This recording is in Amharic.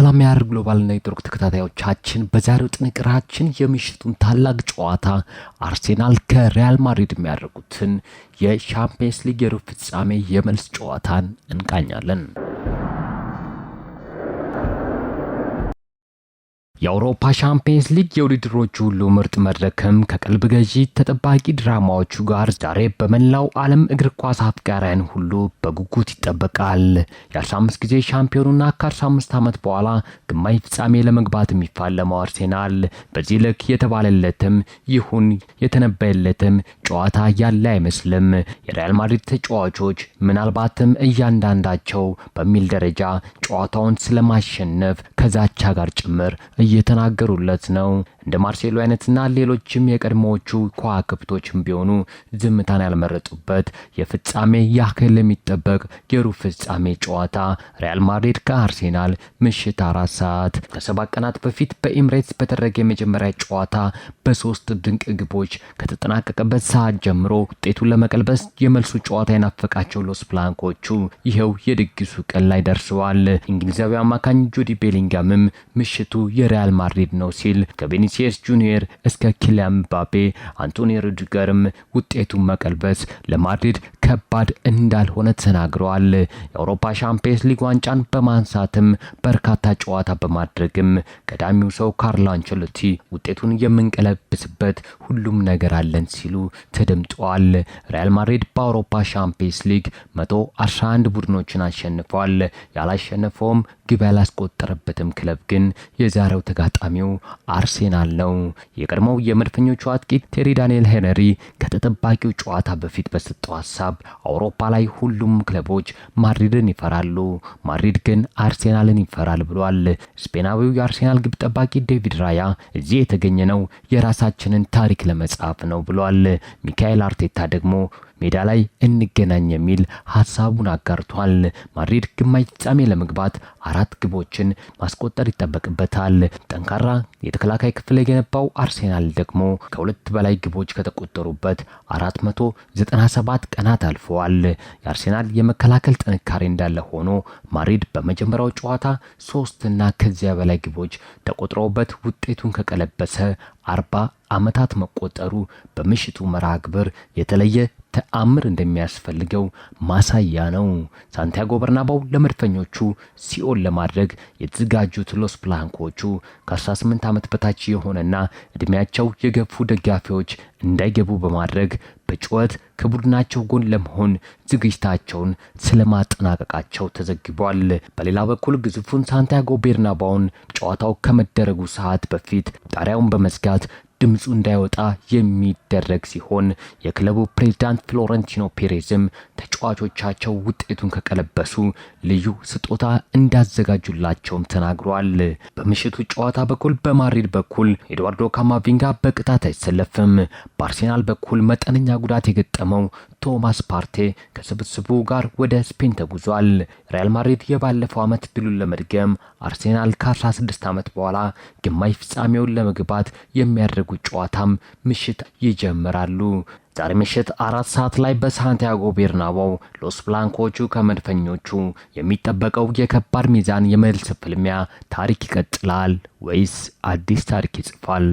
ሰላም ያር ግሎባል ኔትወርክ ተከታታዮቻችን፣ በዛሬው ጥንቅራችን የምሽቱን ታላቅ ጨዋታ አርሴናል ከሪያል ማድሪድ የሚያደርጉትን የሻምፒየንስ ሊግ የሩብ ፍጻሜ የመልስ ጨዋታን እንቃኛለን። የአውሮፓ ሻምፒየንስ ሊግ የውድድሮቹ ሁሉ ምርጥ መድረክም ከቀልብ ገዢ ተጠባቂ ድራማዎቹ ጋር ዛሬ በመላው ዓለም እግር ኳስ አፍቃሪያን ሁሉ በጉጉት ይጠበቃል። የ15 ጊዜ ሻምፒዮኑና ከ15 ዓመት በኋላ ግማሽ ፍጻሜ ለመግባት የሚፋለመው አርሴናል በዚህ ልክ የተባለለትም ይሁን የተነበየለትም ጨዋታ ያለ አይመስልም። የሪያል ማድሪድ ተጫዋቾች ምናልባትም እያንዳንዳቸው በሚል ደረጃ ጨዋታውን ስለማሸነፍ ከዛቻ ጋር ጭምር እየተናገሩለት ነው። እንደ ማርሴሎ አይነትና ሌሎችም የቀድሞዎቹ ከዋክብቶችም ቢሆኑ ዝምታን ያልመረጡበት የፍጻሜ ያክል የሚጠበቅ የሩብ ፍጻሜ ጨዋታ ሪያል ማድሪድ ከአርሴናል ምሽት አራት ሰዓት ከሰባት ቀናት በፊት በኢምሬትስ በተደረገ የመጀመሪያ ጨዋታ በሶስት ድንቅ ግቦች ከተጠናቀቀበት ከሰዓት ጀምሮ ውጤቱን ለመቀልበስ የመልሱ ጨዋታ የናፈቃቸው ሎስ ብላንኮቹ ይኸው የድግሱ ቀን ላይ ደርሰዋል። እንግሊዛዊ አማካኝ ጆዲ ቤሊንጋምም ምሽቱ የሪያል ማድሪድ ነው ሲል ከቬኒሲየስ ጁኒየር እስከ ኪሊያን ምባፔ፣ አንቶኒ ሩድገርም ውጤቱን መቀልበስ ለማድሪድ ከባድ እንዳልሆነ ተናግረዋል። የአውሮፓ ሻምፒየንስ ሊግ ዋንጫን በማንሳትም በርካታ ጨዋታ በማድረግም ቀዳሚው ሰው ካርሎ አንቸሎቲ ውጤቱን የምንቀለብስበት ሁሉም ነገር አለን ሲሉ ተደምጠዋል። ሪያል ማድሪድ በአውሮፓ ሻምፒየንስ ሊግ 111 ቡድኖችን አሸንፏል። ያላሸነፈውም ግብ ያላስቆጠረበትም ክለብ ግን የዛሬው ተጋጣሚው አርሴናል ነው። የቀድሞው የመድፈኞቹ አጥቂ ቴሪ ዳንኤል ሄነሪ ከተጠባቂው ጨዋታ በፊት በሰጠው ሀሳብ አውሮፓ ላይ ሁሉም ክለቦች ማድሪድን ይፈራሉ፣ ማድሪድ ግን አርሴናልን ይፈራል ብሏል። ስፔናዊው የአርሴናል ግብ ጠባቂ ዴቪድ ራያ እዚህ የተገኘ ነው የራሳችንን ታሪክ ለመጻፍ ነው ብሏል። ሚካኤል አርቴታ ደግሞ ሜዳ ላይ እንገናኝ የሚል ሀሳቡን አጋርቷል። ማድሪድ ግማሽ ፍጻሜ ለመግባት አራት ግቦችን ማስቆጠር ይጠበቅበታል። ጠንካራ የተከላካይ ክፍል የገነባው አርሴናል ደግሞ ከሁለት በላይ ግቦች ከተቆጠሩበት 497 ቀናት አልፈዋል። የአርሴናል የመከላከል ጥንካሬ እንዳለ ሆኖ ማድሪድ በመጀመሪያው ጨዋታ ሶስትና ከዚያ በላይ ግቦች ተቆጥረውበት ውጤቱን ከቀለበሰ አርባ ዓመታት መቆጠሩ በምሽቱ መርሃ ግብር የተለየ ተአምር እንደሚያስፈልገው ማሳያ ነው። ሳንቲያጎ በርናባው ለመድፈኞቹ ሲኦል ለማድረግ የተዘጋጁት ሎስ ብላንኮቹ ከ18 ዓመት በታች የሆነና ዕድሜያቸው የገፉ ደጋፊዎች እንዳይገቡ በማድረግ በጩኸት ከቡድናቸው ጎን ለመሆን ዝግጅታቸውን ስለማጠናቀቃቸው ተዘግቧል። በሌላ በኩል ግዙፉን ሳንቲያጎ ቤርናባውን ጨዋታው ከመደረጉ ሰዓት በፊት ጣሪያውን በመዝጋ out ድምፁ እንዳይወጣ የሚደረግ ሲሆን የክለቡ ፕሬዝዳንት ፍሎረንቲኖ ፔሬዝም ተጫዋቾቻቸው ውጤቱን ከቀለበሱ ልዩ ስጦታ እንዳዘጋጁላቸውም ተናግሯል። በምሽቱ ጨዋታ በኩል በማድሪድ በኩል ኤድዋርዶ ካማቪንጋ በቅጣት አይሰለፍም። በአርሴናል በኩል መጠነኛ ጉዳት የገጠመው ቶማስ ፓርቴ ከስብስቡ ጋር ወደ ስፔን ተጉዟል። ሪያል ማድሪድ የባለፈው ዓመት ድሉን ለመድገም አርሴናል ከ16 ዓመት በኋላ ግማሽ ፍጻሜውን ለመግባት የሚያደርጉ የሚያደርጉት ጨዋታም ምሽት ይጀምራሉ። ዛሬ ምሽት አራት ሰዓት ላይ በሳንቲያጎ ቤርናባው ሎስ ብላንኮቹ ከመድፈኞቹ የሚጠበቀው የከባድ ሚዛን የመልስ ፍልሚያ ታሪክ ይቀጥላል ወይስ አዲስ ታሪክ ይጽፋል?